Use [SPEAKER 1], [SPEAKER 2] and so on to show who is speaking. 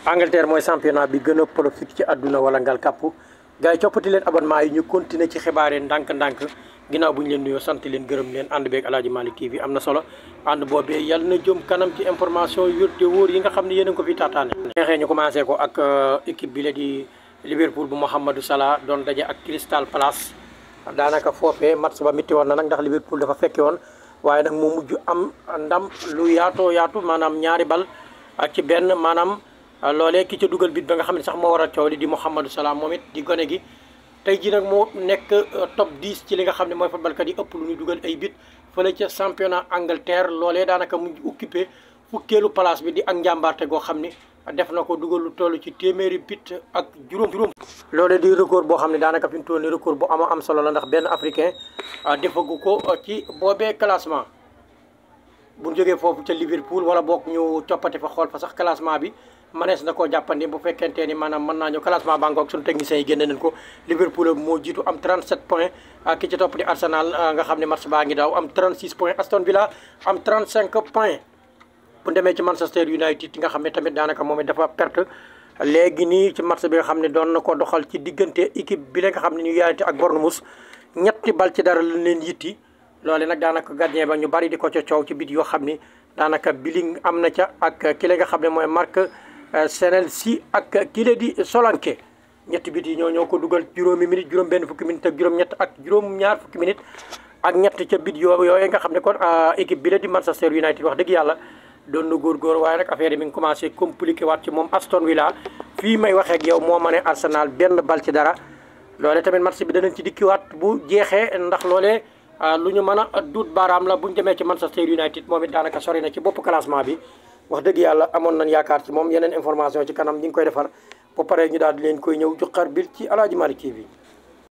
[SPEAKER 1] Angleterre mooy championnat bi gën a profite ci adduna wala ngal kàpp gars yi coppati leen abonnement yi ñu continuer ci xibaar yi ndànk-ndànk ginnaaw bu ñu leen nuyoo santi leen gërëm leen ànd beeg Aladji Malick TV am na solo ànd boobee yàlla na jëm kanam ci information yu te yi nga xam ne yéen a ko fi taataane xeexee ñu commencé ko ak euh, équipe bi la di Liverpool bu Mouhamadou Salah doon daje ak Crystal Palace daanaka foofee match ba métti woon na nag ndax Liverpool dafa fekke woon waaye nag mu mujj am ndam lu yaatoo yaatu maanaam ñaari bal ak ci benn maanaam Euh, loole ki ca dugal bit ba nga xam ne sax moo war a coow li di Mouhamadou Salah moom it di gone gi tey jii nag moo nekk euh, top 10 ci li nga xam ne mooy fa footballkat yi ëpp lu ñu dugal ay bit fële ca championnat Angleterre loolee daanaka mu occupé fukkeelu place bi di ak njàmbaarte goo xam ne def na ko dugal lu toll ci téeméeri bit ak juróom juróom loole di record boo xam ne daanaka fi mu toll nii record bu ama am solo la ndax benn africain euh, defagu ko ci boobee classement bu ñu foofu ca Liverpool wala boog ñu coppate fa xool fa sax classement bi manees na koo jàppandi bu fekkente ni maanaam mën naa ñu classement bangoog suñu techniciens yi génne nañ ko Liverpool moo jiitu am 37 points ki ci topp di Arsenal ah, nga xam ne match baa ngi daaw am 36 points Aston Villa am 35 points bu demee ci Manchester United nga xam ne tamit daanaka moom it dafa perte léegi nii ci match bi nga xam ne doon na ko doxal ci diggante équipe bi la nga xam ne ñu yaayati ak Bournemouth ñetti bal ci dara la leen yitti loole nag daanaka gardien ba ñu bari di ko ca coow ci xam ni daanaka Billing am na ca ak ki la nga xam ne mooy Marc Euh, si ak kii la di Solanke ñetti bit yi ñoo ñoo ko dugal juróomi minute juróom benn fukki minute ak juróom ñett ak juróom ñaar fukki minute ak ñett ca bit yoo yooyu nga xam ne kon euh, équipe bi la di Manchester United wax dëgg yàlla doon na góorgóor waaye rek affaire yi mi ngi commencé compliqué waat ci moom Aston Villa fii may waxee ak yow moo ma ne Arsenal benn bal ci dara loole tamit match bi danañ ci dikkiwaat bu jeexee ndax loolee euh, lu ñu mën a duut baaraam la bu ñu demee ci Manchester United moom it daanaka sori na ci bopp classement bi wax dëgg yàlla amoon nañ yaakaar ci moom yeneen information ci kanam ñi ngi koy defar ba pare ñu daal leen koy ñëw jox xar bil ci Aladji Malick TV